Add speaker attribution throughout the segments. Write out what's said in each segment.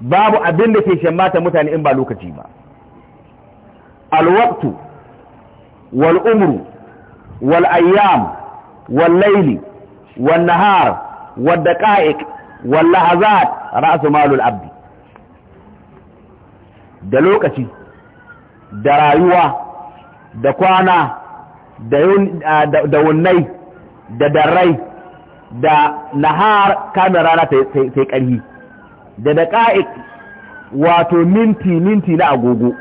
Speaker 1: babu abin da ke shammata mutane in ba lokaci ba alwaktu wal umru wal ayyam wal laili wal nahar wal daqa'iq wal ra'su malul abdi da lokaci da rayuwa da kwana da wunnai da darrai da nahar kamar rana ta yi ƙarfi da daƙa'i wato minti minti na agogo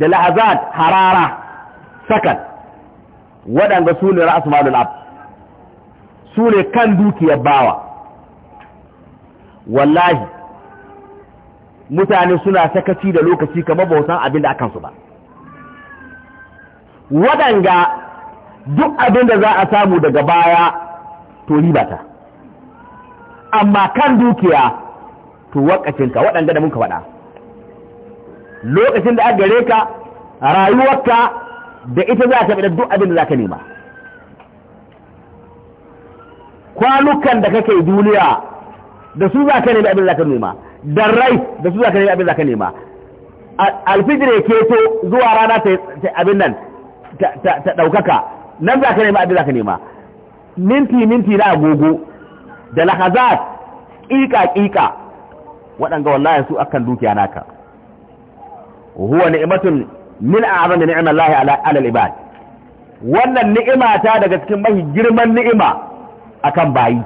Speaker 1: da la’azad harara sakan waɗanda su ne ra'asu ab su ne kan dukiyar bawa wallahi mutane suna sakaci da lokaci kamar bautan abin da akansu ba waɗanda duk abin da za a samu daga baya to ribata amma kan dukiya to ka waɗanda da muka faɗa lokacin da aka gare ka rayuwarka da ita za ta bi da duk abin da za ka nema kwanukan da kake duniya da su za ka nema abin da za ka nema da rai da su za ka nema abin da za ka nema alfijir ya keto zuwa rana ta abin nan ta ɗaukaka nan za ka nema abin za ka nema minti minti na agogo da lahazat ƙiƙa ƙiƙa waɗanga wallahi su akan dukiya naka huwa ni'matun min a'zam ni'am Allah ala alal ibad wannan ni'ima ta daga cikin mahi girman ni'ima akan bayi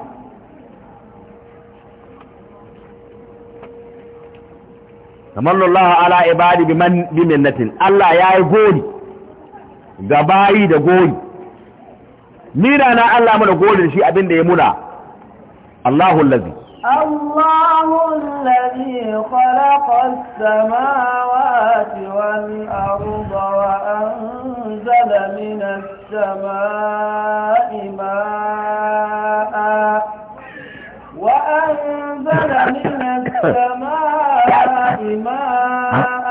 Speaker 1: kamallu Allah ala ibadi biman bi minnatin Allah yayi gori ga bayi da gori ni da na Allah mana gori shi abinda ya muna Allahu allazi
Speaker 2: الله الذي خلق السماوات والأرض وأنزل من السماء ماء وأنزل من السماء ماء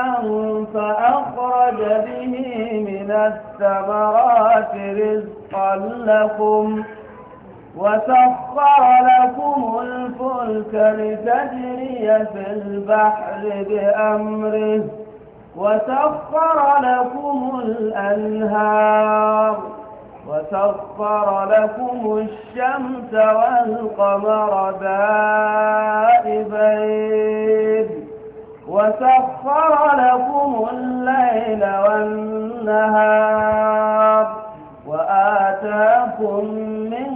Speaker 2: فأخرج به من الثمرات رزقا لكم ۖ وسخر لكم الفلك لتجري في البحر بأمره وسخر لكم الأنهار وسخر لكم الشمس والقمر دائبين وسخر لكم الليل والنهار وآتاكم من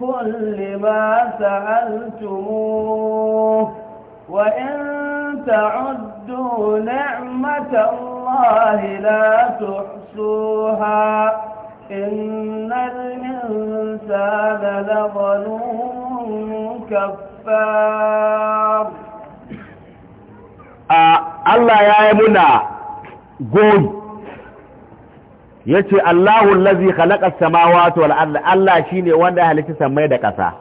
Speaker 2: كل ما سألتموه وإن تعدوا نعمة الله لا تحصوها إن الإنسان لظلوم كفار آه، الله يا ابنا
Speaker 1: قول yace Allahu allazi khalaqa as-samawati wal arda Allah shine wanda halitta samai da ƙasa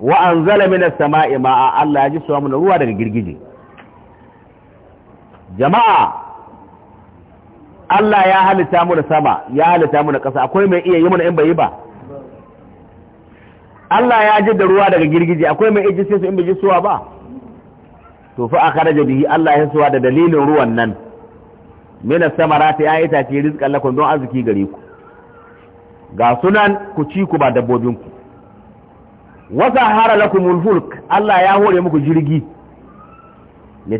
Speaker 1: wa anzala minas sama'i ma'a Allah ya ji suwa ruwa daga girgije jama'a Allah ya halitta mu da sama ya halitta mu da ƙasa akwai mai iya yi mana in bai yi ba Allah ya ji da ruwa daga girgije akwai mai iji sai su in bai ji suwa ba to fa akhraja bihi Allah ya suwa da dalilin ruwan nan mina samarati ya itace rizqan lakum don arziki gare ku ga sunan ku ci ku ba dabbobin ku wa sahara lakumul fulk Allah ya hore muku jirgi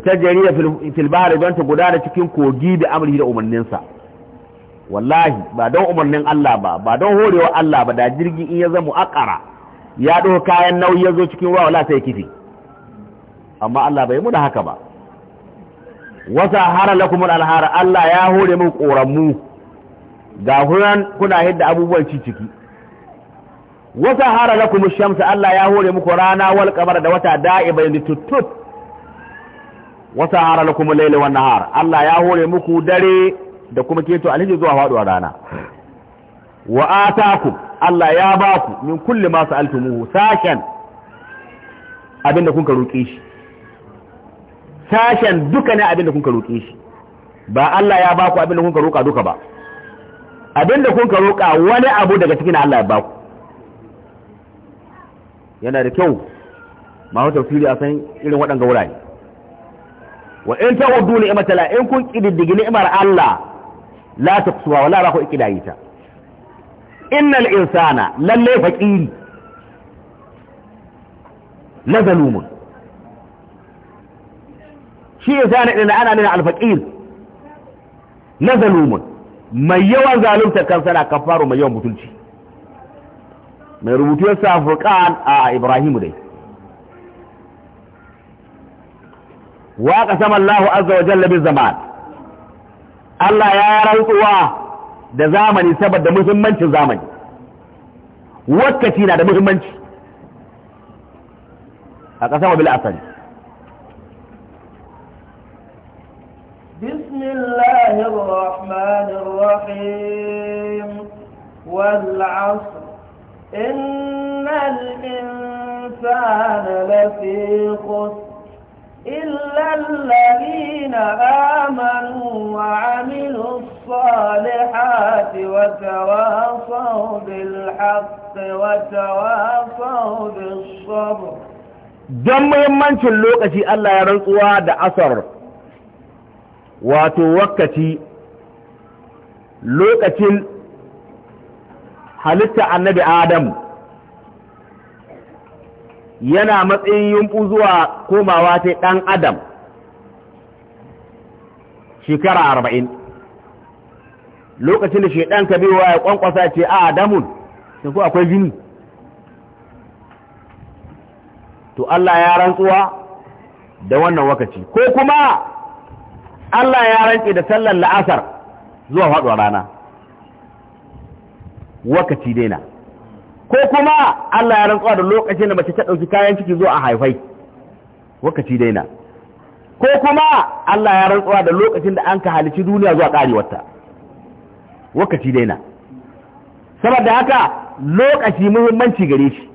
Speaker 1: jariya fil bahri don ta gudana cikin kogi da amri da umarninsa wallahi ba don umarnin Allah ba ba don horewa Allah ba da jirgi in ya zama akara ya ɗau kayan nauyi ya zo cikin ruwa wala sai kifi amma Allah bai mu da haka ba wata hara kuma alhara Allah ya hore mu koranmu ga huran kuna yadda abubuwan ciki wata hara kuma shamsa Allah ya hore muku rana wal qamar da wata da'ibai litutut wata hara la kuma laila wan nahar Allah ya hore muku dare da kuma keto alhiji zuwa faduwar rana wa ataku Allah ya baku min kulli ma sa'altumuhu sakan abinda kun ka roke shi sashen duka ne abinda kun ka roƙe shi ba Allah ya ba ku abinda kun ka roƙa duka ba abinda kun ka roƙa wani abu daga cikin Allah ya ba ku yana da kyau ma wata a san irin waɗanga wurare wa in ta waddu ni'imata la in kun kididdigi nimar Allah la taqsuha wala la rahu innal insana lalle faqiri la zalumun shi yasa ne da ana nuna alfaqir na zalumun mai yawan zalunta kansa na kafaru mai yawan butulci mai rubutu ya sa furqan a Ibrahim dai wa sama Allahu azza wa jalla bil zaman Allah ya rantsuwa da zamani saboda muhimmancin zamani wakkati na da muhimmanci a qasama bil asali
Speaker 2: بسم الله الرحمن الرحيم والعصر إن الإنسان لفي خسر إلا الذين آمنوا وعملوا الصالحات وتواصوا بالحق وتواصوا بالصبر
Speaker 1: جمع muhimmancin lokaci الله ya rantsuwa da asar wato wakati lokacin halitta annabi adam yana matsayin yunfu zuwa komawa ta ɗan adam shekara arba'in lokacin da shaidan ka biyowa ya ƙwanƙwasa ce a adamun sai ko akwai jini to Allah ya rantsuwa da wannan wakaci ko kuma Allah ya rantse da sallar la'asar zuwa faɗuwa rana wakaci daina ko kuma Allah ya rantsuwa da lokacin da mace ta ɗauki kayan ciki zuwa a haifai wakaci daina ko kuma Allah ya rantsuwa da lokacin da an ka halici duniya zuwa ƙarewarta wakaci daina saboda haka lokaci muhimmanci gare shi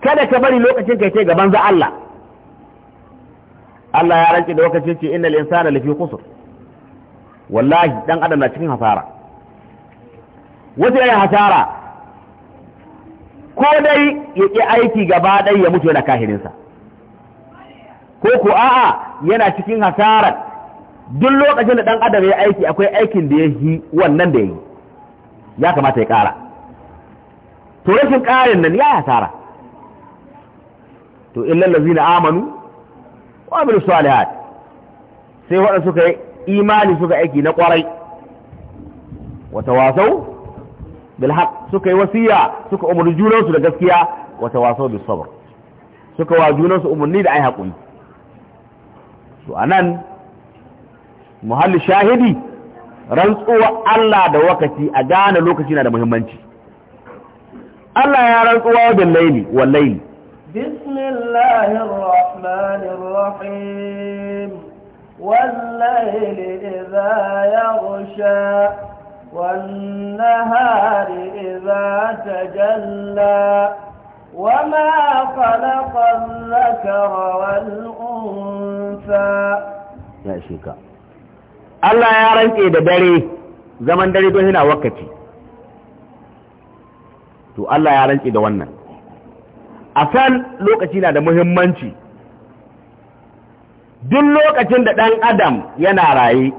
Speaker 1: kada ka bari lokacin kai kai gaban za Allah Allah ya rance da lokacin ce innal insana lafi kusur wallahi dan adam na cikin hasara wata ya hasara ko dai ya ƙi aiki gaba ɗaya ya mutu yana kahirinsa ko ko a'a yana cikin hasarar duk lokacin da ɗan adam ya aiki akwai aikin da ya yi wannan da ya yi ya kamata ya ƙara to rashin karin nan ya hasara to illal ladzina amanu wa bil salihat sai waɗanda suka yi imani suka aiki na kwarai wa tawasau bil haqq suka yi wasiya suka umurni su da gaskiya wa tawasau bis sabr suka wa su umurni da ai hakuri to anan muhalli shahidi rantsuwa Allah da wakati a gane lokaci na da muhimmanci Allah ya rantsuwa bil laili wal laili
Speaker 2: bismillahir الرحمن الرحيم والليل إذا يغشى والنهار إذا تجلى وما خلق الذكر والأنثى
Speaker 1: يا شيكا الله يا rantse da dare zaman dare don وقتي wakati to Allah ya rantse da wannan a san lokaci na da muhimmanci duk lokacin da ɗan adam yana raye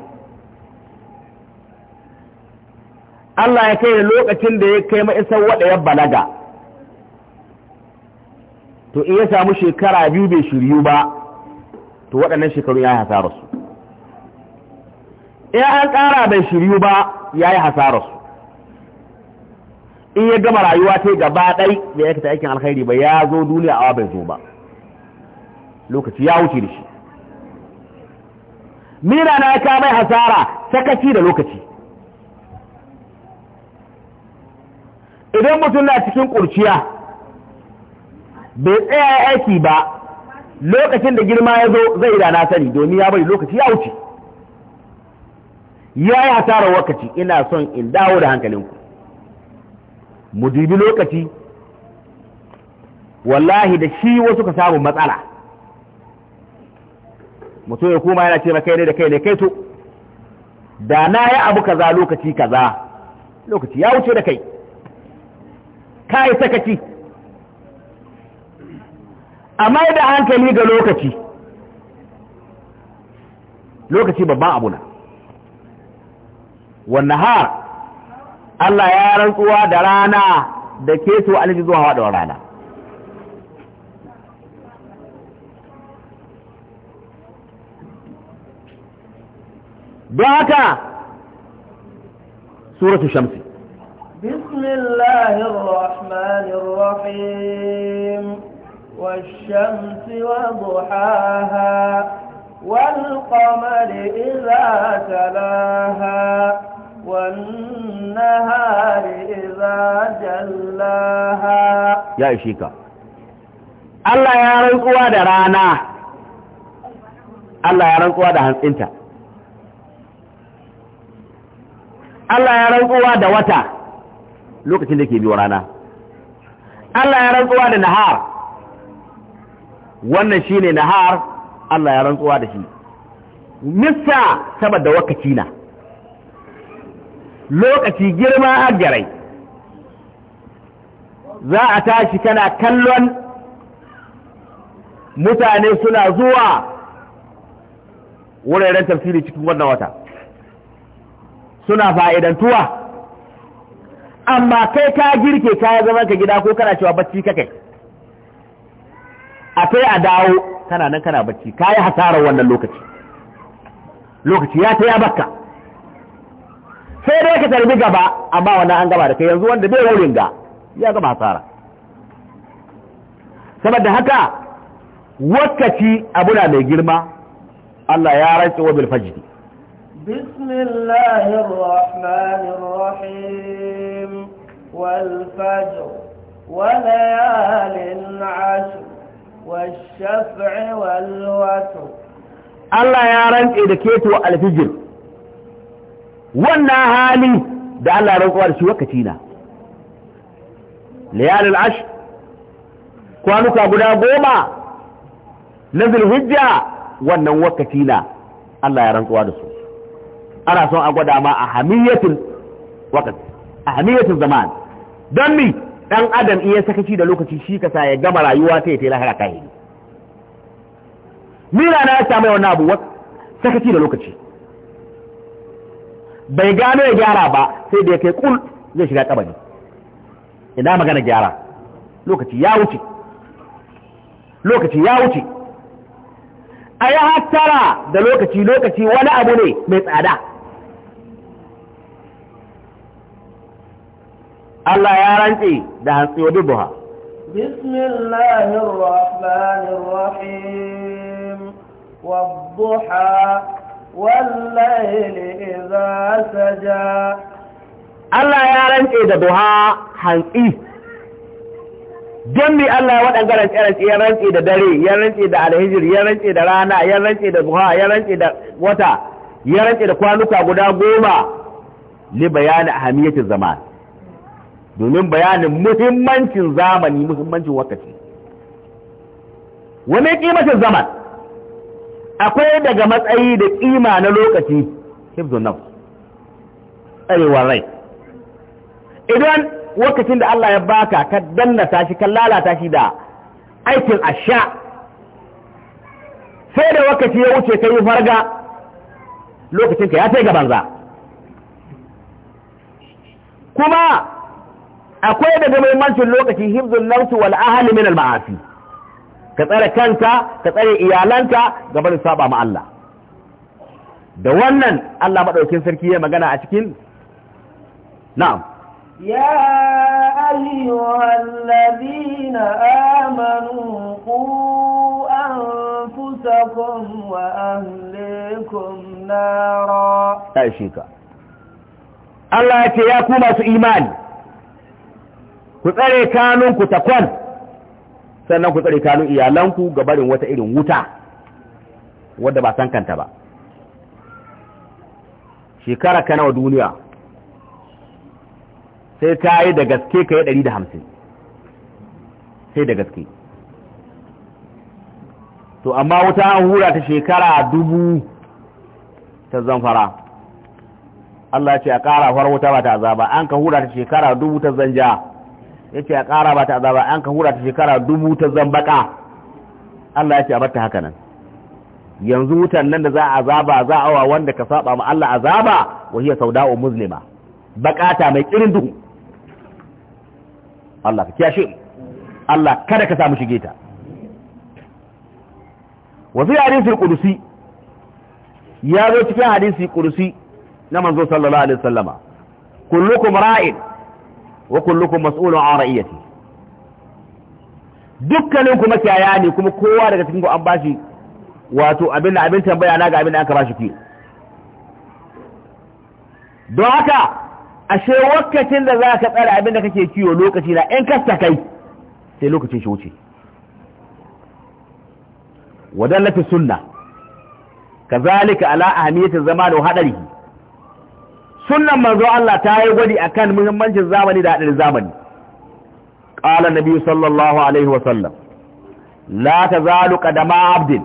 Speaker 1: Allah ya kai lokacin da ya kai ma'isar waɗa ya balaga to in ya samu shekara biyu bai shiryu ba to waɗannan shekaru ya yi hasararsu
Speaker 2: in an ƙara
Speaker 1: bai shiryu ba ya yi hasararsu in ya gama rayuwa ta gaba ɗai da ya aikata aikin alkhairi ba ya zo duniya awa bai zo ba lokaci ya wuce da shi mina na ya kawo hasara sakaci da lokaci idan mutum na cikin ƙurciya, bai tsaya aiki ba lokacin da girma ya zo zai da na sani domin ya bari lokaci ya wuce ya yi hasarar wakaci ina son in dawo da hankalinku mu dubi lokaci wallahi da shi wasu ka samu matsala mutum ya kuma yana ce maka ne da kai ne kai to da na yi abu kaza lokaci kaza lokaci ya wuce da kai ka yi sakaci amma da hankali ga lokaci lokaci babban abu na wannan har Allah ya rantsuwa da rana da keto zuwa haɗa rana بعك سورة الشمس
Speaker 2: بسم الله الرحمن الرحيم والشمس وضحاها والقمر إذا تلاها والنهار إذا جلاها يا إشيكا الله يا رنقوا درانا
Speaker 1: الله يا رنقوا درانا Allah ya rantsuwa da wata lokacin da ke biyo rana Allah ya rantsuwa da nahar wannan shine nahar Allah ya rantsuwa da shi Mista, saboda wakaci na lokaci girma agarai za a tashi kana kallon mutane suna zuwa wuraren tafsiri cikin wannan wata suna fa'idantuwa amma kai ka girke kaya zaman ka gida ko kana cewa bacci kake a kai a dawo kana nan kana bacci ka yi hasarar wannan lokaci lokaci ya ta ya baka sai dai ka tarbi gaba amma wannan an gaba da kai yanzu wanda bai wurin ga ya gaba hasara saboda haka wakaci na mai girma Allah ya rantsuwa bil fajri
Speaker 2: بسم الله الرحمن الرحيم والفجر وليال عشر والشفع والوتر
Speaker 1: Allah ya rantse da keto alfijir wannan hali da Allah ya rantsuwa da shi wakaci na layalul ash kwanuka guda goma na zulhijja wannan wakaci na Allah ya rantsuwa da su ana son a gwada ma a hamiyatin wakati a hamiyatul zaman don mi dan adam iya sakaci da lokaci shi ka sa ya gama rayuwa ta ya tela haka yi. ni na ya samu wannan abu sakaci da lokaci bai gano ya gyara ba sai da ya kai kul zai shiga kabari ina magana gyara lokaci ya wuce lokaci ya wuce a yi hattara da lokaci lokaci wani abu ne mai tsada Allah ya rantse da hantsi wa
Speaker 2: Bismillahirrahmanirrahim wa rahmanir wallahi wadduha saja
Speaker 1: Allah ya rantse da duha hantsi Jami Allah Allah waɗanda rantse ya rantse da dare ya rantse da alhijir ya rantse da rana ya rantse da buha, ya rantse da wata ya rantse da kwanuka guda goma li bayani ahamiyatin zaman domin bayanin muhimmancin zamani muhimmancin wakati wani kimacin zaman akwai daga matsayi da kima na lokaci hibzun nafs tsarewa rai idan wakacin da Allah ya baka ka dannata shi ka lalata shi da aikin asha sai da wakaci ya wuce ka yi farga lokacinka ya sai ga banza kuma akwai daga muhimmancin lokaci hibzul nafsi wal ahli min al ma'asi ka tsare kanka ka tsare iyalanka ga da saba ma Allah da wannan Allah madaukin sarki ya magana a cikin
Speaker 2: na'am ya ayyuhal ladina amanu qu anfusakum wa ahlikum nara
Speaker 1: tashi ka Allah ya ce ya ku masu imani ku tsare kanunku ta kwan sannan ku tsare kanun iyalanku ga barin wata irin wuta wadda ba san kanta ba shekara ka nawa duniya sai ta yi da gaske ka yi ɗari da hamsin sai da gaske to amma wuta an hura ta shekara dubu ta zanfara Allah ce a ƙara far wuta ba ta zaba an ka hura ta shekara dubu ta zanja yace a ƙara ba ta azaba an ka hura ta shekara dubu ta zambaka Allah ya ce a bar haka nan yanzu wutan nan da za a azaba za a wa wanda ka saba ma Allah azaba wa hiya sauda'u muslima bakata mai kirin duhu Allah ka kiyashe Allah kada ka samu shige ta wa fi hadisi qudusi ya zo cikin hadisi qudusi na manzo sallallahu alaihi wasallama kullukum ra'in wa kullukum mas'ulun an ra'iyati dukkanin kuma kiyaya ne kuma kowa daga cikin ku an bashi wato abin da abin tambaya na ga abin da aka bashi ku don haka ashe wakacin da za ka tsara abin da kake kiwo lokaci na in kasta kai sai lokacin shi wuce wadallata sunna kazalika ala ahmiyati zama wa hadarihi sunnan manzo Allah ta yi gwadi akan muhimmancin zamani da haɗin zamani na nabi sallallahu alaihi wa sallam la tazalu qadama abdin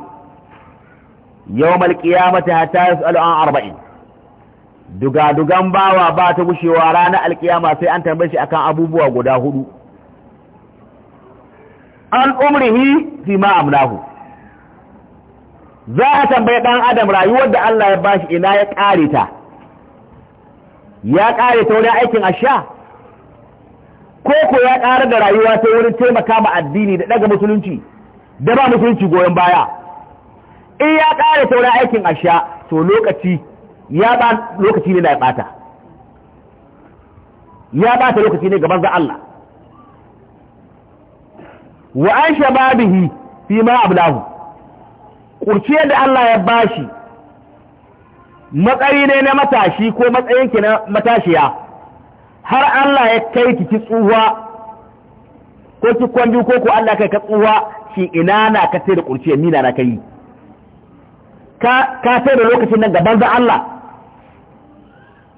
Speaker 1: Yau mata alqiyamati hatta su al'an arba'in Dugadugan bawa ba ta gushewa ranar alƙiyama sai an tambaye shi akan abubuwa guda hudu an umrihi fi ma amnahu za a tambaye ɗan adam rayuwar da Allah ya bashi ina ya ƙare ta ya ƙare ta wani aikin asha ko ko ya ƙara da rayuwa ta wurin taimaka ma addini da ɗaga musulunci da ba musulunci goyon baya in ya ƙare ta wani aikin asha to lokaci ya ba lokaci ne na ya ɓata ya ɓata lokaci ne gaban za Allah wa an shababihi fi ma ablahu kurciyar da Allah ya bashi matsayi ne na matashi ko matsayin ki na matashiya har Allah ya kai ki ki tsuwa ko ki kwambi ko ko Allah kai ka tsuwa shi ina na ka sai da kurciya mina na kai ka ka sai da lokacin nan gaban za Allah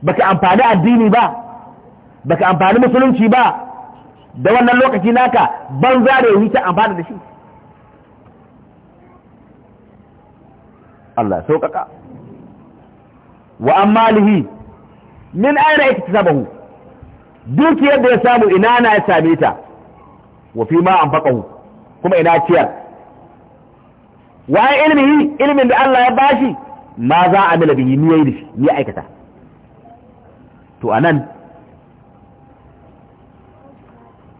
Speaker 1: baka amfani addini ba baka amfani musulunci ba da wannan lokaci naka za da yi ta amfani da shi Allah sauƙaƙa wa malihi min aina iktisabahu dukiyar da ya samu ina na ya same ta wa fi ma an anfaqahu kuma ina ciyar wa ilmihi ilmin da Allah ya bashi ma za a mila bihi ni yayi dashi ni aikata to anan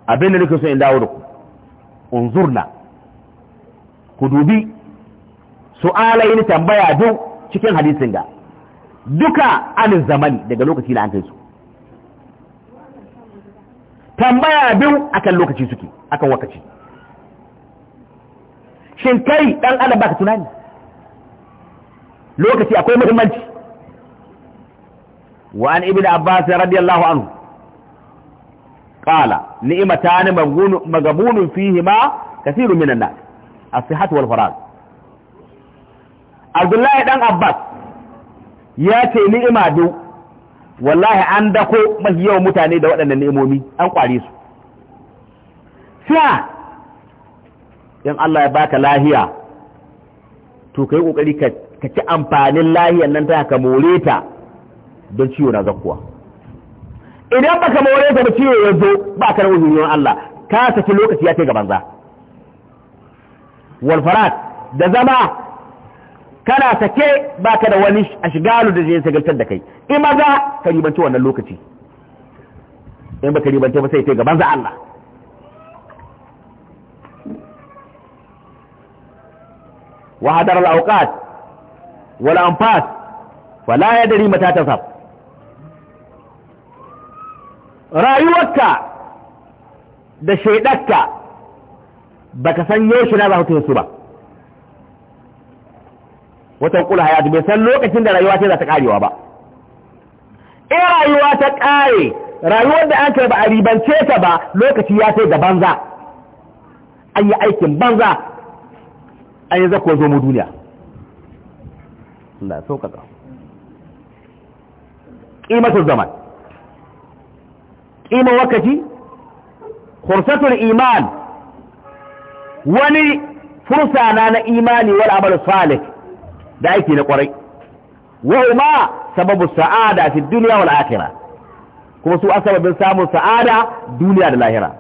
Speaker 1: abin da nake so in dawo da ku unzurna ku dubi su'alayin tambaya duk cikin hadisin da duka anin zamani daga lokaci da an kai su tambaya biyu akan lokaci suke akan wakaci shin kai dan adam baka tunani lokaci akwai muhimmanci wa an da abbas radiyallahu anhu qala ni'matani magabunun fihima kathirun minan nas as-sihhatu wal faragh abdullahi dan abbas ya ce ni'ima do wallahi an dako mafi yawan mutane da waɗannan ni'imomi an kware su sha in Allah ya baka lahiya to kai kokari ka ci amfanin lahiyar nan ta ka more ta don ciwo na zakkuwa idan baka more ta ba ciwo ya zo ba ka rawu huriyar Allah ka saki lokaci ya kai ga banza wal da zama kana sake baka da wani ashgalu da zai sagaltar da kai in maza ka ribanci wannan lokaci in ba ka ribanci ba sai kai gaban za Allah wa hadar al-awqat wal anfas fala yadri mata tasab rayuwarka da shaidarka baka san yaushe na za ka su ba wata kula hayat bai san lokacin da rayuwa ce za ta karewa ba in rayuwa ta kare rayuwar da aka kai ba a ribance ta ba lokaci ya sai da banza an yi aikin banza an yi zakko zo mu duniya Allah sauƙaƙa ƙimatar zaman ƙimar wakaci kursatul iman wani fursa na na imani wal amal salih da aiki na kwarai wahuma sababu sa'ada fi duniya wal akhirah kuma su asababin samun sa'ada duniya da lahira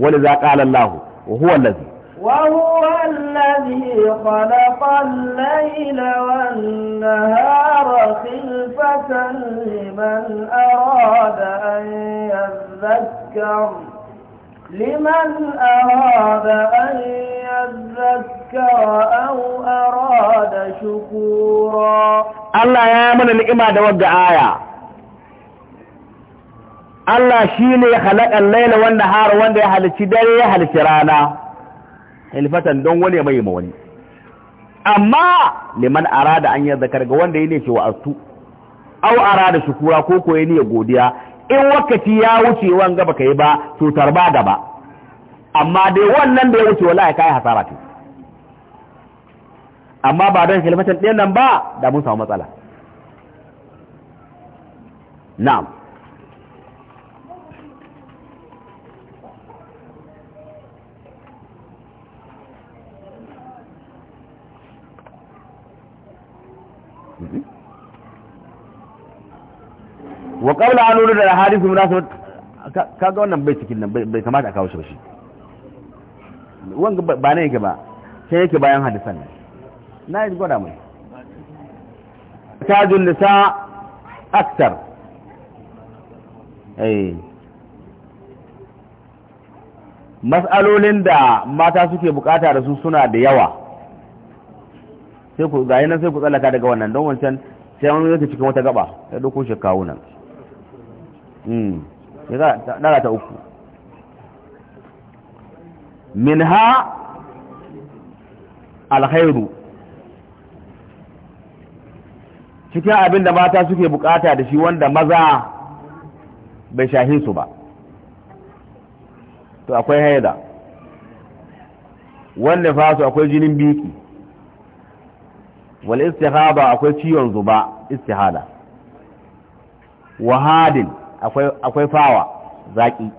Speaker 1: wani za qala Allah wa huwa allazi
Speaker 2: وهو الذي خلق الليل والنهار خلفة لمن أراد أن يذكر لمن أراد أن يذكر أو أراد شكورا
Speaker 1: الله يا من الإمام دوج آية Allah shi ne ya halakan laila wanda har wanda ya halici dare ya halici rana hilfatan don wani mai ma wani amma liman arada an yi zakar ga wanda ya ne shi wa'astu au arada shukura ko ko ya ne godiya in wakati ya wuce wanga baka yi ba cutar ba gaba amma dai wannan da ya wuce wallahi kai hasara ce amma ba don hilmatan ɗin nan ba da mun samu matsala na'am Mm-hmm. wa qabla an nuna da hadisi munasabat kaga wannan bai cikin nan bai kamata a kawo shi wanga ba ne yake ba sai yake bayan hadisan nan na yi gwada mai tajun nisa aktar eh mas'alolin da mata suke bukata da su suna da yawa sai ku ga nan sai ku tsallaka daga wannan don wancan sai wani yake cikin wata gaba ya doko shi kawo nan ya hmm. ta uku min ha cikin abin da mata suke bukata da shi wanda maza bai shahi su ba to akwai haida wanda fasu akwai jinin biki wal istihaba akwai ciwon zuba istihada wahadin akwai fawa zaƙi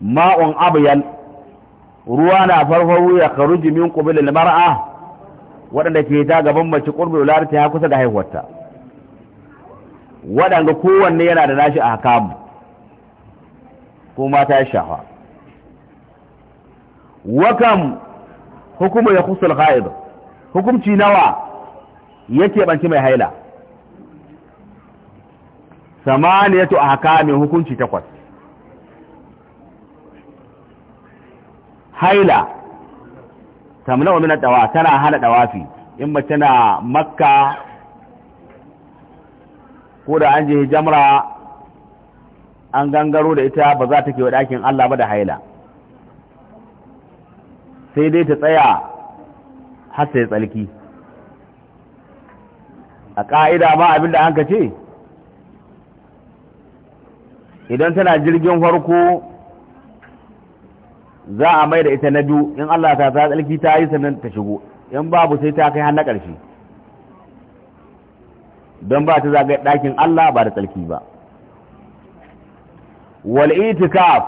Speaker 1: ma'un abiyal ruwa na farfaru ya karuji min ƙubilin mar'a waɗanda ke ta gaban mace ƙurbin ularta ya kusa da haihuwarta waɗanda kowanne yana da nashi a hakamu kuma ta yi shafa wakan hukuma ya kusur ha'id hukumci nawa yake keɓanci mai haila samaniyatu ahkamin hukunci takwas haila tamna wa min dawa tana hana dawafi in mace na makka ko da an je jamra an gangaro da ita ba za ta ke wa ɗakin Allah ba da haila sai dai ta tsaya har sai tsalki a ƙa'ida ma abinda an ka ce idan tana jirgin farko za a mai da ita na biyu in Allah ta ta tsarki ta yi sannan ta shigo in babu sai ta kai hannun ƙarshe don ba ta zagaya ɗakin Allah ba da tsarki ba wal itikaf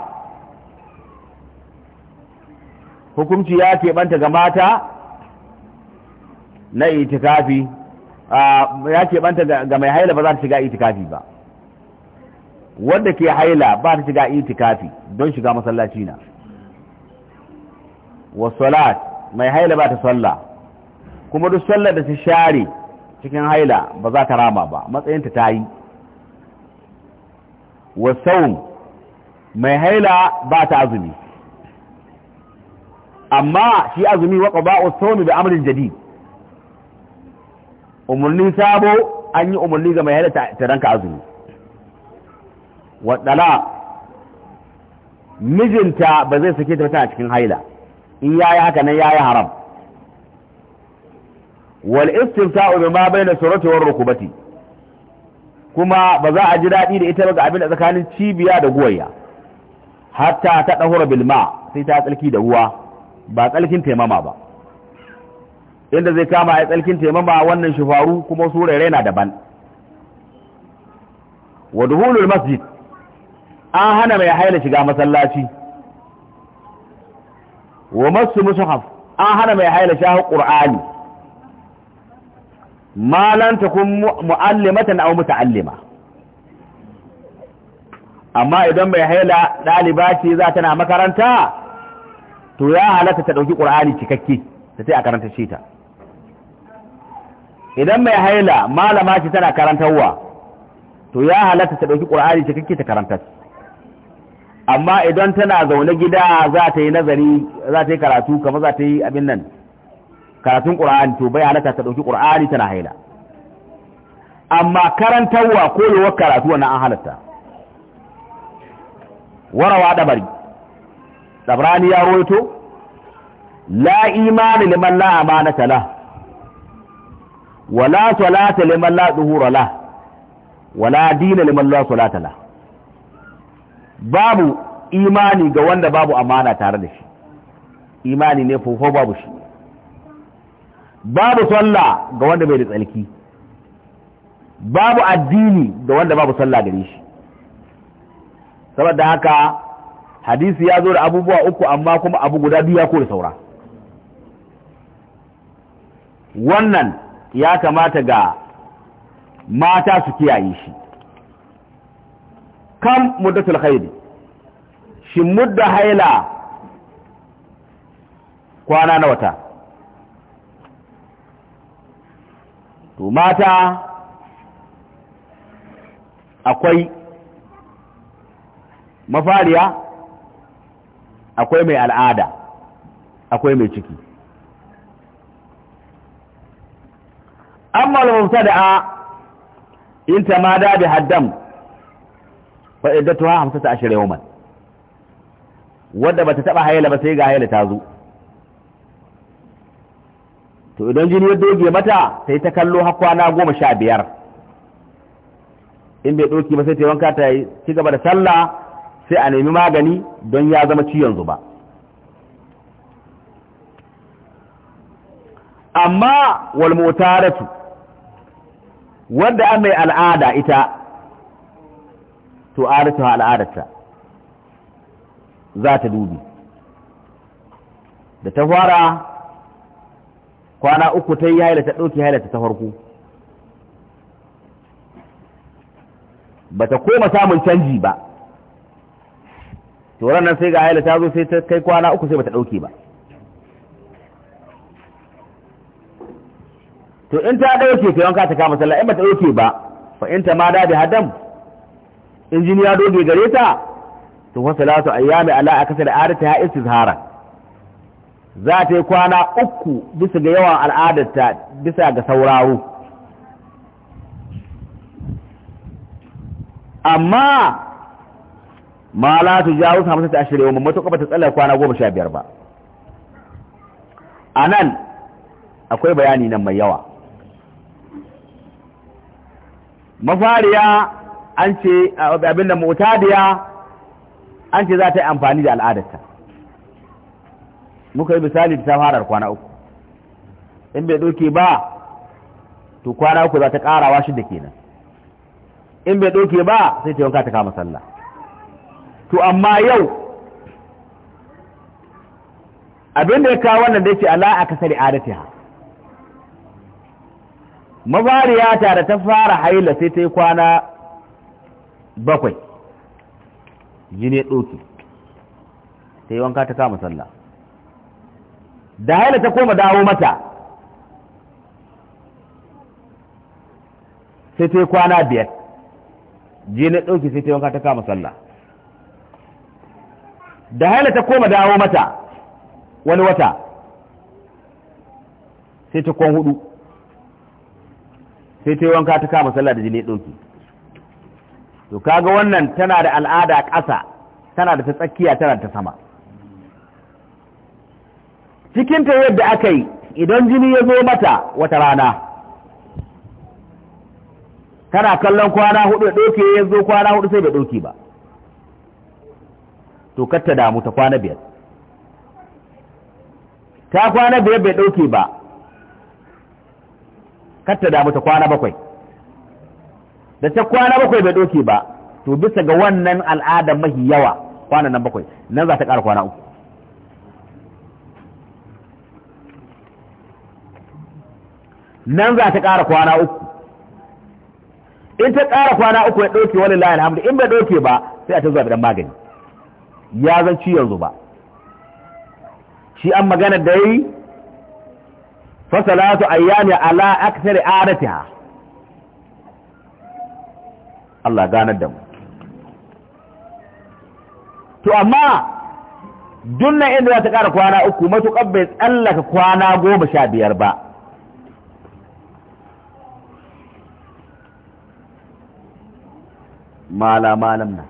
Speaker 1: hukunci ya keɓanta ga mata na itikafi ah, ya keɓanta ga mai haila ba za ta shiga itikafi ba wadda ke haila ba ta shiga itikafi don shiga masallaci na wa salat mai haila ba ta sallah kuma duk sallar da ta share cikin haila ba za ta rama ba matsayinta ta yi wa saum mai haila ba ta azumi amma shi azumi wa ba sawmi bi amrin jadid umurni sabo an yi umurni ga mai haila ta ranka azumi waɗala mijinta ba zai sake ta a cikin haila in yayi haka nan yayi haram wal istimta'u bima bayna surati war rukubati kuma ba za a ji daɗi da ita ba ga abin da tsakanin cibiya da guwayya hatta ta dahura bilma sai ta tsalki da ruwa ba tsalkin taimama ba inda zai kama ya tsalkin taimama wannan shifaru kuma su raina daban wa duhulul masjid an hana mai haila shiga masallaci wa masu mushaf an hana mai haila shahu qur'ani ma lan takun mu'allimatan aw muta'allima amma idan mai haila daliba ce za ta na makaranta to ya halatta ta dauki qur'ani cikakke ta sai a karanta shi ta idan mai haila malama ce tana karantarwa to ya halatta ta dauki qur'ani cikakke ta karanta amma idan tana zaune gida za ta yi nazari za ta yi karatu kama za ta yi abin nan karatun ƙura'ani to bai halatta ta ɗauki ƙura'ani tana haila amma karantarwa ko yawar karatu wannan an halatta warawa ɗabari ɗabrani ya roito la imani liman la amanata tala wala salata liman la duhura la wala dina liman la salata la babu imani ga wanda babu amana tare da shi imani ne ko babu shi babu sallah ga wanda bai da tsalki babu addini ga wanda babu sallah gare shi saboda haka hadisi ya zo da abubuwa uku amma kuma abu guda biyu ya kore saura wannan ya kamata ga mata su kiyaye shi kam muddatul haidi shi mudda haila kwana na wata to mata akwai mafariya akwai mai al'ada akwai mai ciki amma al inta ma da bi haddam fa iddatuha hamsata ashara yawman wadda bata taɓa hayala ba sai ga hayala ta zo to idan jini ya doge mata sai ta kallo har kwana goma sha biyar in bai doki ba sai ta wanka ta ci gaba da sallah sai a nemi magani don ya zama yanzu zuba amma wal mutaratu wadda an mai al'ada ita to arata al'adarta za ta dubi da ta fara kwana uku ta yi haila ta ɗauki haila ta farko ba ta koma samun canji ba to nan sai ga haila ta zo sai ta kai kwana uku sai ba ta ɗauke ba to in ta ɗauke to yanka ta kama sallah in ba ta ɗauke ba fa in ta ma da bi hadam in jini ya doge gare ta to fa salatu ayyami ala akasar adata ya istizhara za ta yi kwana uku bisa ga yawan al'adarta bisa ga sauraro amma ma la tu jawu hamsa ta ashirin wa matuƙa ba ta tsala kwana goma sha biyar ba a nan akwai bayani nan mai yawa mafariya an ce abin da mutadiya an ce za ta yi amfani da al'adarta muka yi misali da ta fara kwana uku in bai doke ba to kwana uku za ta karawa da kenan in bai doke ba sai ta wanka ta kama sallah to amma yau abin da ya kawo wannan da ce ala a kasar ha mabariya ta da ta fara haila sai ta yi kwana bakwai jini ya ɗauki ta yi wanka ta kama sallah da haila ta koma dawo mata sai ta yi kwana biyar jini ya ɗauki sai ta yi wanka ta kama sallah da haila ta koma dawo mata wani wata sai ta kwan hudu sai ta yi wanka ta kama sallah da jini ya ɗauki to kaga wannan tana da al'ada ƙasa tana da ta tsakiya tana da ta sama cikin ta yadda aka yi idan jini ya zo mata wata rana tana kallon kwana hudu da ɗauke ya zo kwana hudu sai da ɗauke ba to kar ta damu ta kwana biyar ta kwana biyar bai ɗauke ba kar ta damu ta kwana bakwai da ta kwana bakwai bai doke ba to bisa ga wannan al'adar mahi yawa kwana nan bakwai nan za ta ƙara kwana uku nan za ta ƙara kwana uku in ta ƙara kwana uku ya ɗauke wani layin hamdu in bai ɗauke ba sai a ta zuwa bidan magani ya zan ci yanzu ba shi an magana da yi fasalatu ayyami ala aksari adatiha Allah ganar da mu to amma dunnan inda za ta ƙara kwana uku matuƙar bai tsallaka kwana goma sha biyar ba mala malam na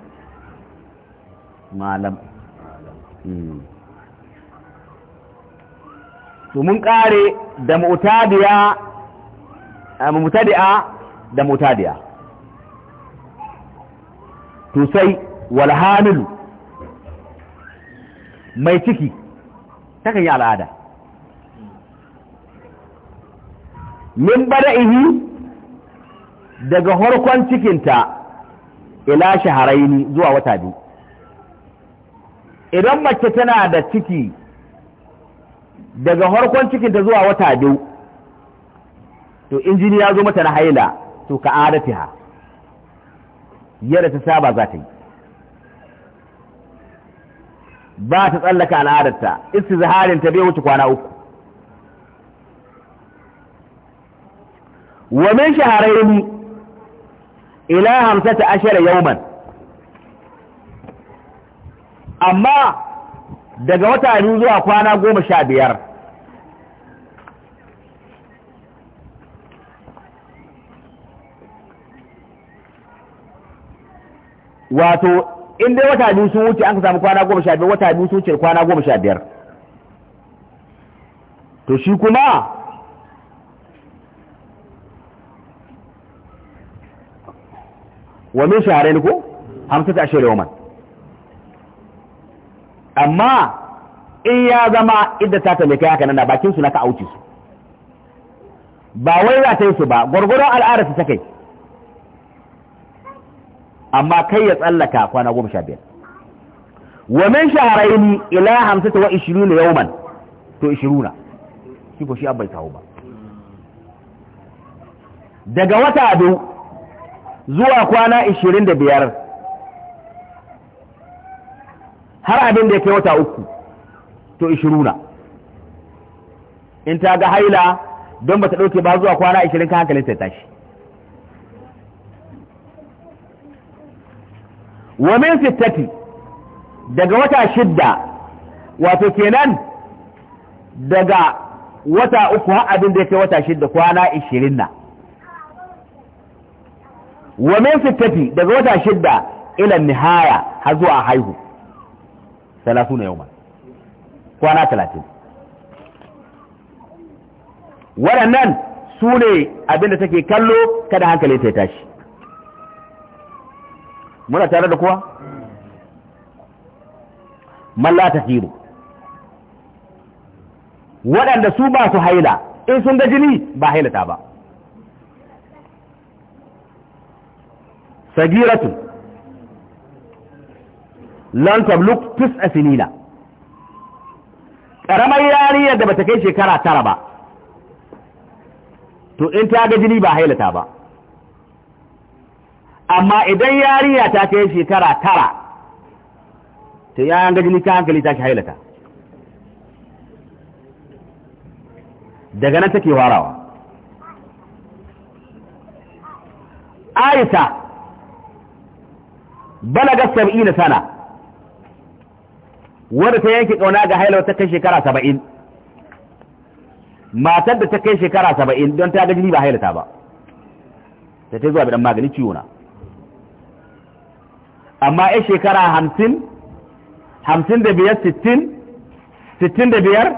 Speaker 1: malam hmm. to mun ƙare da mutadiya eh, da mutadiya to sai mai ciki takan yi al'ada min bada'ihi daga harkon cikinta ila shaharaini zuwa wata biyu idan mace tana da ciki daga harkon cikinta zuwa wata biyu to injiniya ya zo mata na haila to ka adatiha yadda ta saba za ta yi ba ta tsallaka al'adarta istizaharin ta bai wuce kwana uku wa min shaharaini ila hamsata ashara yawman amma daga wata biyu zuwa kwana goma sha biyar wato in dai wata biyu sun wuce an ka samu kwana goma sha biyar wata biyu sun wuce kwana goma sha biyar to shi kuma wa min shaharai ko hamsa ta ashirin yawman amma in ya zama idda ta tamake haka nan bakin su na ka auce su ba wai za ta yi su ba gwargwaron al'adarsu ta kai amma kai ya tsallaka kwana goma sha biyar wa min shahrayn ila hamsata wa 20 yawman to na shi ko shi abai kawo ba daga wata abu zuwa kwana 25 har abin da ya kai wata uku to na in ta ga haila don ba ta ɗauke ba zuwa kwana 20 ka hankalin ta tashi wa min sittati daga wata shidda wato kenan daga wata uku har abin da yake wata shidda kwana ishirin na wa min sittati daga wata shidda ila nihaya har zuwa haihu 30 na kwana talatin waɗannan su ne da take kallo kada hankali ta tashi muna tare da kuwa malla ta siru waɗanda su ba su haila in sun ga jini ba hailata ba sagiratu Luke tis a sinina Ƙaramar yariyar da ta kai shekara tara ba to in ta ga jini ba hailata ba amma idan yariya ta kai shekara tara to ya an gajini ta hankali ta ke hailata daga nan take warawa aisha balaga sab'ina sana wadda ta yanke kauna ga hailawa ta kai shekara saba'in matar da ta kai shekara saba'in don ta gajini ba hailata ba ta ta zuwa bidan magani ciwo na amma ya shekara hamsin hamsin da biyar sittin sittin da biyar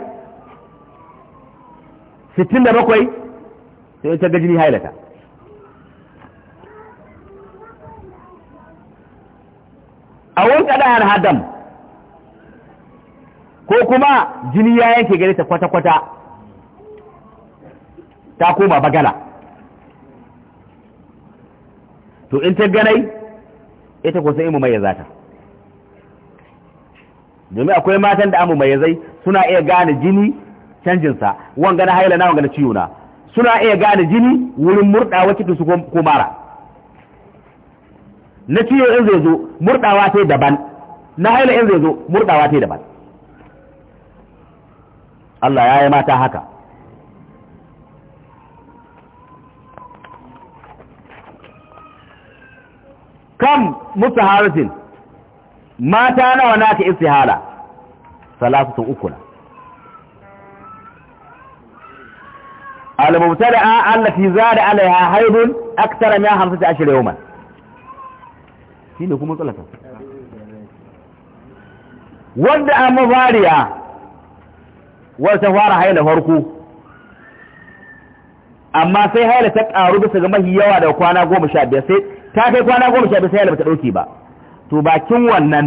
Speaker 1: sittin da bakwai sai ta gajini hailata a wanka da hadam ko kuma jini ya yanke gare ta kwata-kwata ta koma bagala to in ta ganai ita ko sai mu mai zata domin akwai matan da amu mai zai suna iya gane jini canjin sa wanga na haila na wanga na ciwo na suna iya gane jini wurin murdawa ciki su ko mara na ciwo in zai zo murdawa sai daban na haila in zai zo murdawa sai daban Allah ya yi mata haka kam harisin mata nawa naka istihala salasatu ukuna haibun التي mai hamsin ta أكثر yau 15 shi ne kuma tsalata wanda a mafariya wata fara haila farko amma sai haila ta ƙaru bisa ga mahi yawa daga kwana goma sha biyar sai ta kai kwana goma sha biyu sai ta ɗauke ba to bakin wannan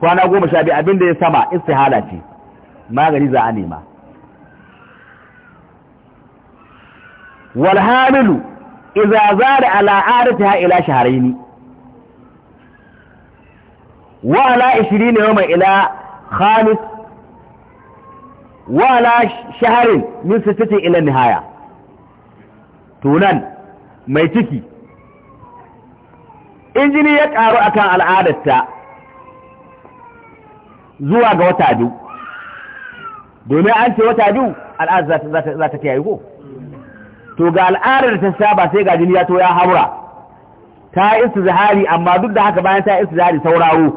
Speaker 1: kwana goma sha biyu abinda ya sama istihala ce magani za a nema walhamilu iza zara ala adatiha ila shahrayn wa ala 20 yawma ila khamis wa ala shahrin min sittati ila nihaya tunan mai ciki in jini ya ƙaru kan al'adarta zuwa ga wata biyu domin an ce wata biyu al'adar za ta kiyaye ko to ga al'adar ta saba sai ga jini ya to ya haura ta yi zahari amma duk da haka bayan ta yi zahari sauraro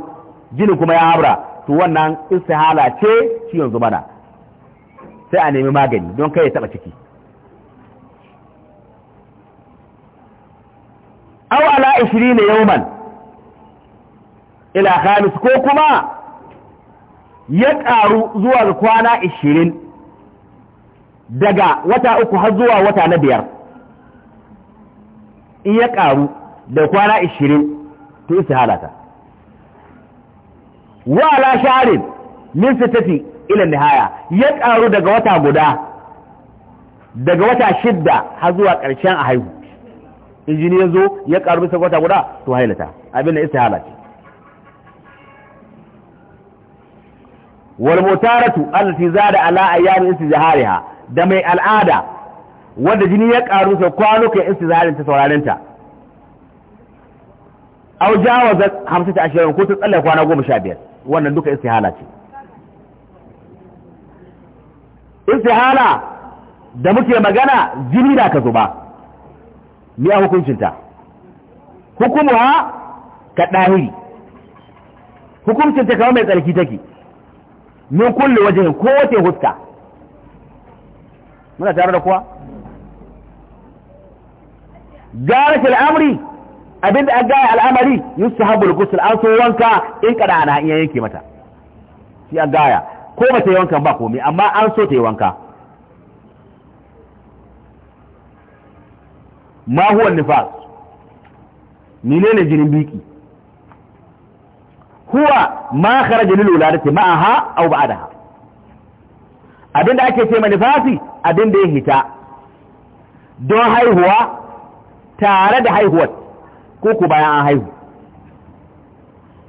Speaker 1: jini kuma ya haura to wannan hala ce ciwon zumana sai a nemi magani don kai ya taba ciki aw ala 20 yawman ila khamis ko kuma ya ƙaru zuwa kwana 20 daga wata uku har zuwa wata na biyar in ya ƙaru da kwana 20 to isi halata wa ala sharin min sittati ila nihaya ya ƙaru daga wata guda daga wata shidda har zuwa ƙarshen a haihu injini ya zo ya karu bisa wata guda to hailata abin da istihala ce wal mutaratu allati zada ala ayyam istizhariha da mai al'ada wanda jini ya karu sa kwanukan istizharin ta sauraren ta aw jawaza ashirin ko ta tsalla kwana 15 wannan duka istihala ce istihala da muke magana jini da ka zuba biya hukuncinta hukumuwa ka ɗahiri hukuncinta kamar mai tsarki take min kulle ko kowace huska muna tare da kuwa gara al'amri abinda an gaya al'amari yin su habu lukusul an so wanka in kada ana iya yanke mata shi an gaya ko ba ta yi wankan ba komai amma an so ta yi wanka ma huwa nifas menene jinin biki huwa ma kharaja da wuladati ma'aha aw ba'daha abinda ake ce ma nifasi da ya hita don haihuwa tare da haihuwar ko ku bayan an haihu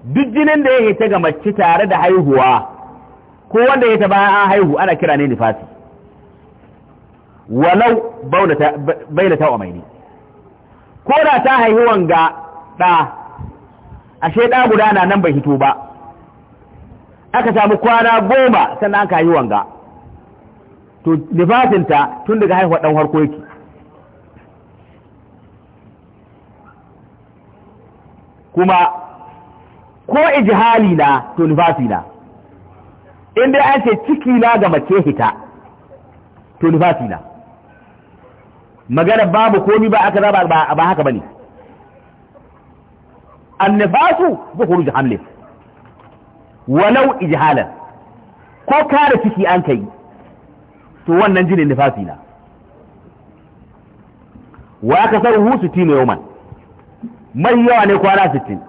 Speaker 1: duk jinin da ya hita ga mace tare da haihuwa ko wanda ya ta bayan an haihu ana kira ne nifasi walau bainata wa mai ne ko da ta haihi wanga ɗa ashe ɗa guda na nan bai hito ba aka samu kwana goma sannan an kayi wanga to nifasinta tun daga haihuwa ɗan harko yake kuma ko ijihali na to nifasi na in dai an ce ciki na ga mace hita to nifasi na magana babu komi ba aka zaba ba haka bane annifasu zuhuruj hamlin walau ijhalan ko kare ciki an kai to wannan jinin nifasi na wa aka sarhu sittin yawman mai yawa ne kwana sittin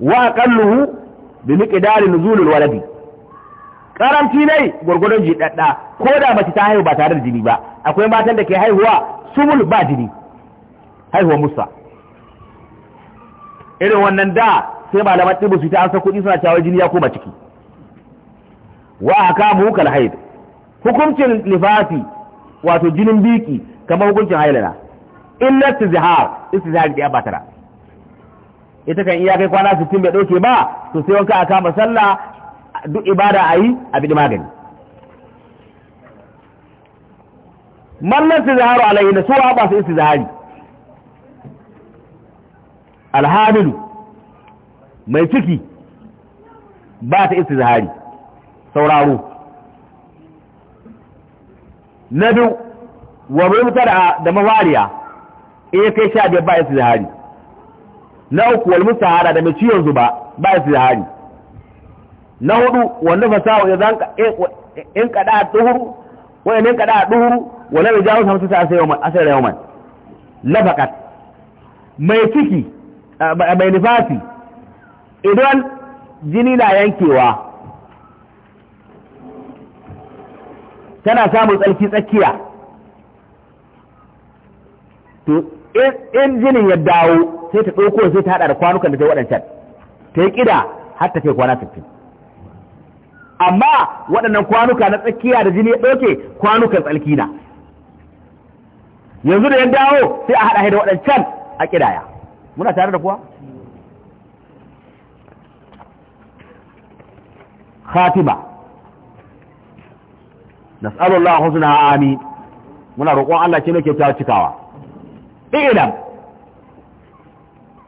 Speaker 1: wa aqalluhu bi miqdari nuzulul waladi karanci ne gwargwadon jiɗaɗɗa ko da mace ta haihu ba tare da jini ba akwai matan da ke haihuwa sumul ba jini haihuwa musa irin wannan da sai malaman ɗibu su ta an kuɗi suna cewa jini ya koma ciki wa aka mu kal haid hukuncin lifafi wato jinin biki kamar hukuncin hailana illa tizhar istizhar da ba tara ita kan iya kai kwana 60 bai dauke ba to sai wanka aka kama sallah duk ibada a yi a bi magani mallan su zaharu alayhi da suwa ba su zahari alhamilu mai ciki ba ta zahari sauraro na biyu wa murmuta da mawariya in kai sha biyar ba zahari na uku wal mustahara da mai ciyon zuba ba zahari na hudu wanda fasahu ya zanka eh, in kada duhuru wa in kada duhuru wa la yajawu hamsu ta asai yawman asai yawman lafaqat mai ciki mai nifasi idan jini na yankewa tana samun tsarki tsakiya to in jinin ya dawo sai ta ɗauko sai ta haɗa da kwanukan da ta yi waɗancan ta yi ƙida har ta kai kwana 60 amma waɗannan kwanuka na tsakiya da jini ya ɗauke kwanukan tsalki na yanzu da ya dawo sai a haɗa da waɗancan a ƙidaya muna tare da kuwa khatima nas'alullahu husna amin muna roƙon Allah ce muke ta cikawa ilam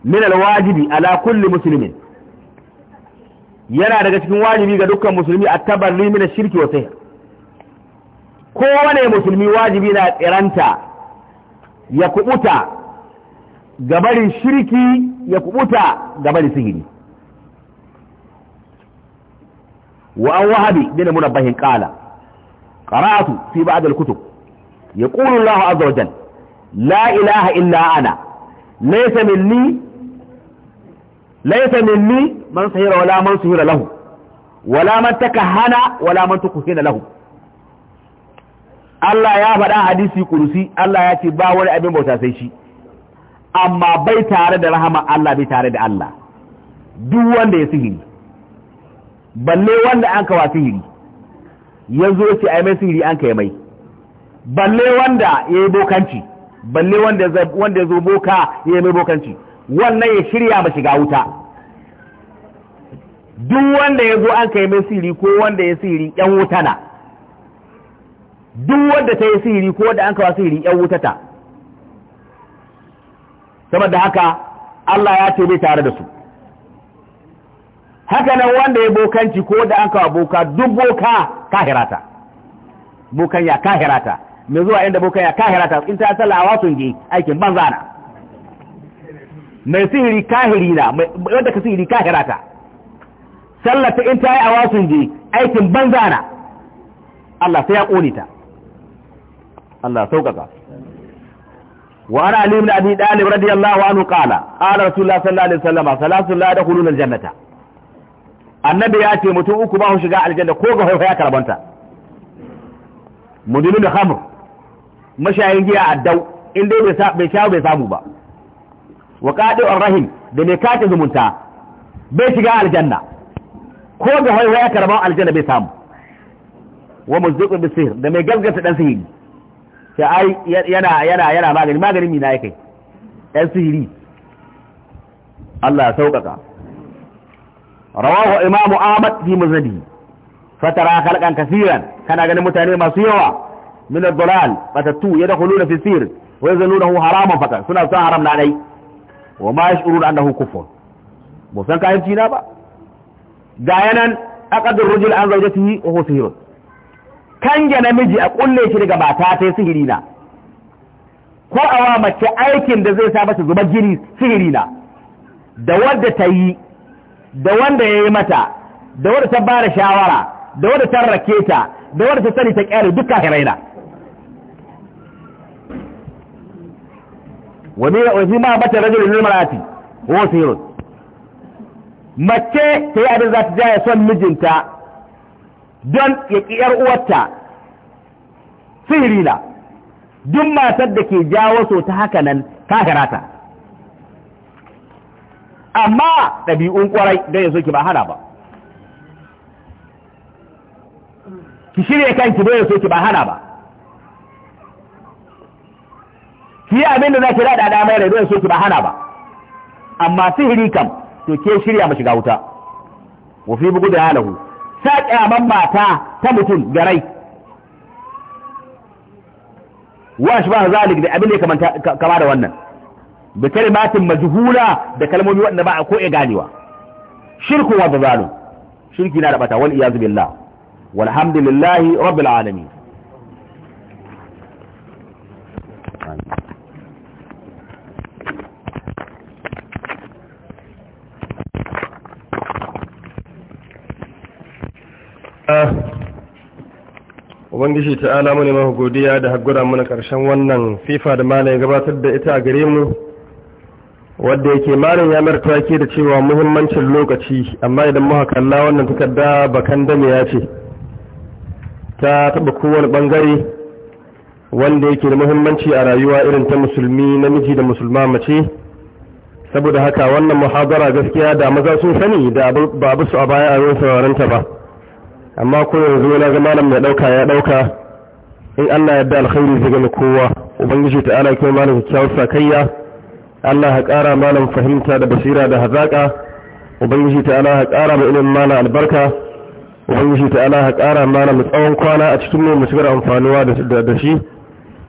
Speaker 1: min alwajibi ala kulli muslimin yana daga cikin wajibi ga dukkan musulmi a tabarri mina shirki wa sihir kowane musulmi wajibi na tsiranta ya kubuta gabarin shirki ya kubuta gabarin sihiri wa an wahabi bin munabbahin qala qara'atu fi ba'd al-kutub yaqulu Allahu azza wa jalla la ilaha illa ana laysa minni laisa minni man sahira wala man sahira lahu wala man takahana wala man tukhina lahu Allah ya faɗa hadisi kursi Allah ya ce ba wani abin bauta sai shi amma bai tare da rahama Allah bai tare da Allah duk wanda ya sihiri balle wanda an kawa sihiri yanzu ya ce ai mai sihiri an kai mai balle wanda ya yi bokanci balle wanda ya zo boka ya yi mai bokanci wannan ya shirya ma shiga wuta duk wanda ya zo an kai mai siri ko wanda ya siri yan wuta na duk wanda ta yi siri ko wanda an kawo siri yan wuta ta saboda haka Allah ya ce bai tare da su haka nan wanda ya bokanci ko da an kawo boka duk boka kahirata bokan ya kahirata mai zuwa inda bokan ya kahirata in ta sallawa sun je aikin banzana mai sihiri kahiri na wadda ka sihiri kahira ta sallata in ta yi a wasun ji aikin banza na Allah sai ya ƙone ta Allah sauƙaƙa wa ana ali ibn abi dalib radiyallahu anhu qala qala rasulullah sallallahu alaihi wasallam salatu la yadkhuluna aljannata annabi ya ce mutum uku ba shiga aljanna ko ga hoya ya karbanta mudilu da khamr mashayin giya addau in dai bai sha bai samu ba wa qadi'ur rahim da mai kace zumunta bai shiga aljanna ko da haihuwa ya karban aljanna bai samu wa muzdiqun bisir da mai gaskata dan sihiri sai ai yana yana yana magani maganin mina yake dan sihiri Allah ya sauƙaƙa rawahu imamu ahmad fi musnadi fatara khalqan kaseeran kana ganin mutane masu yawa min ad-dalal fatatu yadkhuluna fi sir wa yazalunahu haraman fakat suna son haram na dai wa ma yashurun annahu kufur ba san kayanci na ba ga yanan aqadur rajul an zawjatihi wa huwa sihirun kan ga namiji a kulle shi daga mata ta sihiri na ko awa mace aikin da zai sa mata zuba giri sihiri na da wanda ta yi da wanda ya yi mata da wanda ta bada shawara da wanda ta rake ta da wanda ta sani ta kyale duka na wani wasi ma bata rajul lil marati wa sirrun mace ta yi abin za ta jaya son mijinta don ya ƙi ‘yar uwarta sihiri na duk matar da ke jawo so ta haka nan karata amma ɗabi'un ƙwarai don ya ki ba hana ba ki shirya kanki don ya ki ba hana ba ki abin da zaki rada da mai rai so ki ba hana ba amma sihiri kam to ke shirya mu shiga wuta wa fi bugu da halahu sa kyaman mata ta mutum da rai wa shi ba zalik da abin da kama da wannan bi kalimatin majhula da kalmomi wanda ba a ko ya ganewa shirku wa zalim shirki na da bata wal iyaz billah walhamdulillahi rabbil alamin
Speaker 3: ubangiji ta ala mani mahu godiya da haƙura mana ƙarshen wannan fifa da mana ya gabatar da ita a gare mu wadda yake malam ya mara ke da cewa muhimmancin lokaci amma idan muka kalla wannan takarda bakan dame ya ce ta taɓa kowane ɓangare. wanda yake da muhimmanci a rayuwa irin ta musulmi namiji da musulma mace saboda haka wannan muhabara gaskiya da maza sun sani da ba su a baya a yin sauraron ta ba amma ko yanzu na ga malam mai ɗauka ya ɗauka in Allah ya da alkhairi zai gani kowa ubangiji ta ala kuma malam kyakkyawar sakayya Allah ya ƙara malam fahimta da basira da hazaƙa ubangiji ta ala ya ƙara ma ilimin malam albarka ubangiji ta ala ya ƙara malam tsawon kwana a cikin mu mu shigar amfanuwa da shi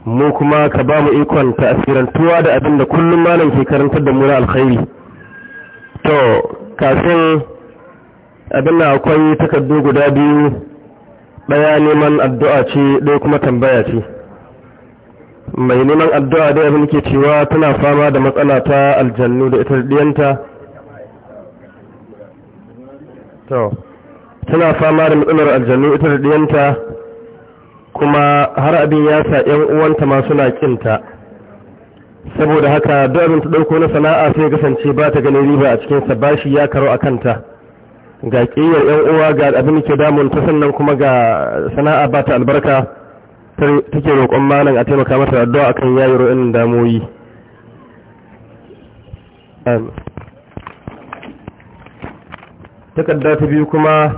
Speaker 3: mu kuma ka ba mu ikon ta'asirantuwa da abin kullum malam ke karantar da mu na alkhairi to kafin abin akwai takardu guda biyu ɗaya neman addu'a ce ɗaya kuma tambaya ce mai neman addu'a dai abin ke cewa tana fama da matsala ta aljannu da ita diyanta tana fama da matsalar aljannu ita diyanta kuma har abin ya sa ‘yan uwanta masu suna kinta saboda haka duk abin ta ɗauko na sana'a sai kasance ba ta ganin riba a cikinsa bashi ya karo a kanta ga ƙiyar yan uwa ga abin ke damun ta sannan kuma ga sana'a ba ta albarka ta ke roƙon malin a taimaka mata addu'a akan yayi ro'in damoyi takarda ta biyu kuma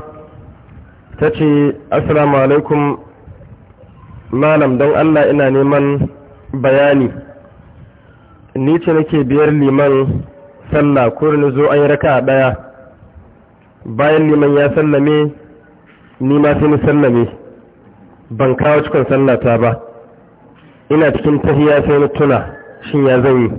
Speaker 3: ta ce assalamu alaikum malam don allah ina neman bayani ni ce nake biyar liman sallah na zo an yi raka daya bayan liman ya sallame ni ma sai ni sallame ban kawo cikon sallata ba ina cikin tahiya sai na tuna shin ya zanyi.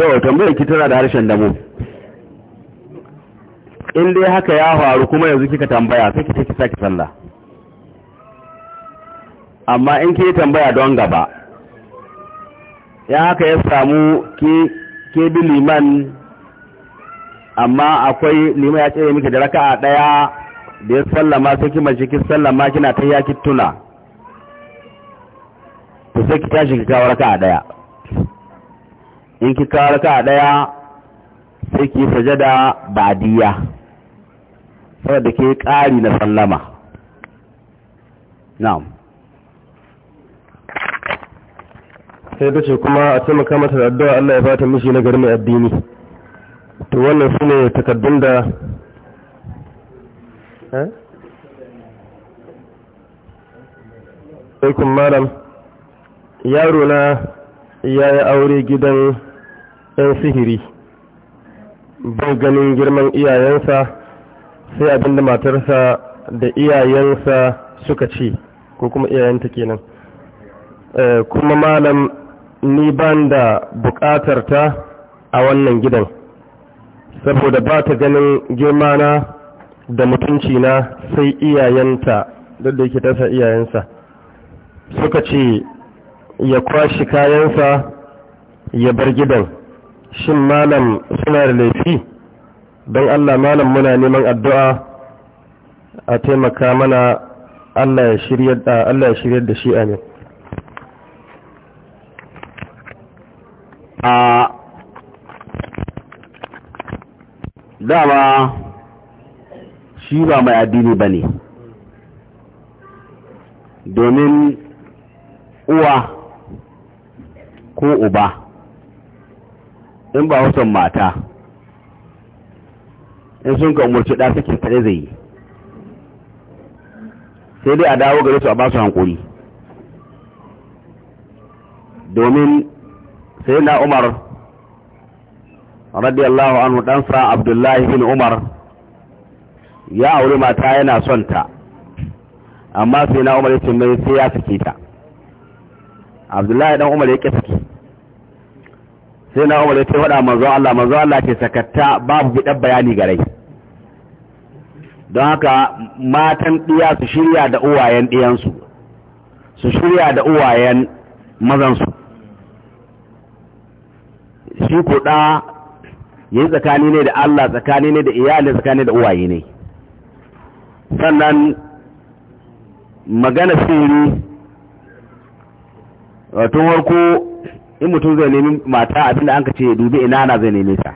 Speaker 1: yi to tambayar ki tana da harshen damo in dai haka ya faru kuma yanzu kika tambaya sai ki take saki sallah amma in ki tambaya don gaba ya haka ya samu ke bi liman amma akwai liman ya tsere miki da a daya da ya sallama sai kima shi kin sallama kina ta yaki tuna ta sai ki tashi ki raka a daya in ki kawo a daya sai ki sajada badiya saboda ke kari na sallama na'am
Speaker 3: sai ta ce kuma a taimaka mata da addu'a Allah ya bata miji na gari mai addini to wannan su ne takaddun da eh? aikun malam yaro na ya yi aure gidan 'yan sihiri bai ganin girman iyayensa sai abinda matarsa da iyayensa suka ce ko kuma iyayenta kenan eh, kuma malam ni ban da buƙatar ta a wannan gidan saboda ba ta ganin na da mutunci na sai iyayenta duk da yake tasa iyayensa suka ce ya kwashi kayansa ya bar gidan shin malam suna da laifi don Allah malam muna neman addu'a a taimaka mana Allah ya shirya da shi amin
Speaker 1: a dama shi ba mai addini ba ne domin uwa ko uba in ba wasan mata in sun ka umarci ɗa suke kaɗe zai yi sai dai a dawo gare su a basu su hankuri domin sai na umar radiyallahu anhu dan fara abdullahi bin umar ya aure mata yana son ta amma sai na umar yace mai sai ya saki ta abdullahi dan umar yake sake sai na umar yace wada manzo Allah manzo Allah ke sakatta babu bidan bayani gare don haka matan diya su shirya da uwayen diyansu su shirya da uwayen mazansu shi ko ɗa yi tsakani ne da Allah tsakani ne da iyali tsakani da uwaye ne sannan magana siri wato warko in mutum zai nemi mata abinda an ka ce dubi ina na zai neme ta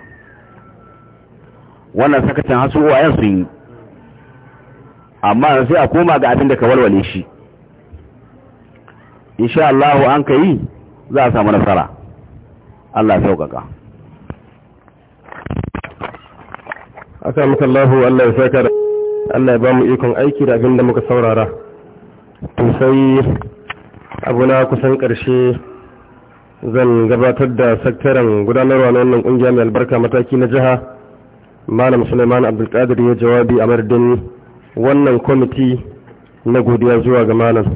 Speaker 1: wannan sakacin hasu uwayen sun yi amma sai a koma ga abinda ka walwale shi insha Allah an ka yi za a samu nasara Allah sauƙaƙa aka muka Allahu
Speaker 3: Allah ya saka da Allah ya ba mu ikon aiki da abin da muka saurara to sai abu na kusan ƙarshe zan gabatar da sakataren gudanarwa na wannan ƙungiya mai albarka mataki na jiha malam suleiman abdulkadir ya jawabi a mardin wannan kwamiti na godiya zuwa ga malam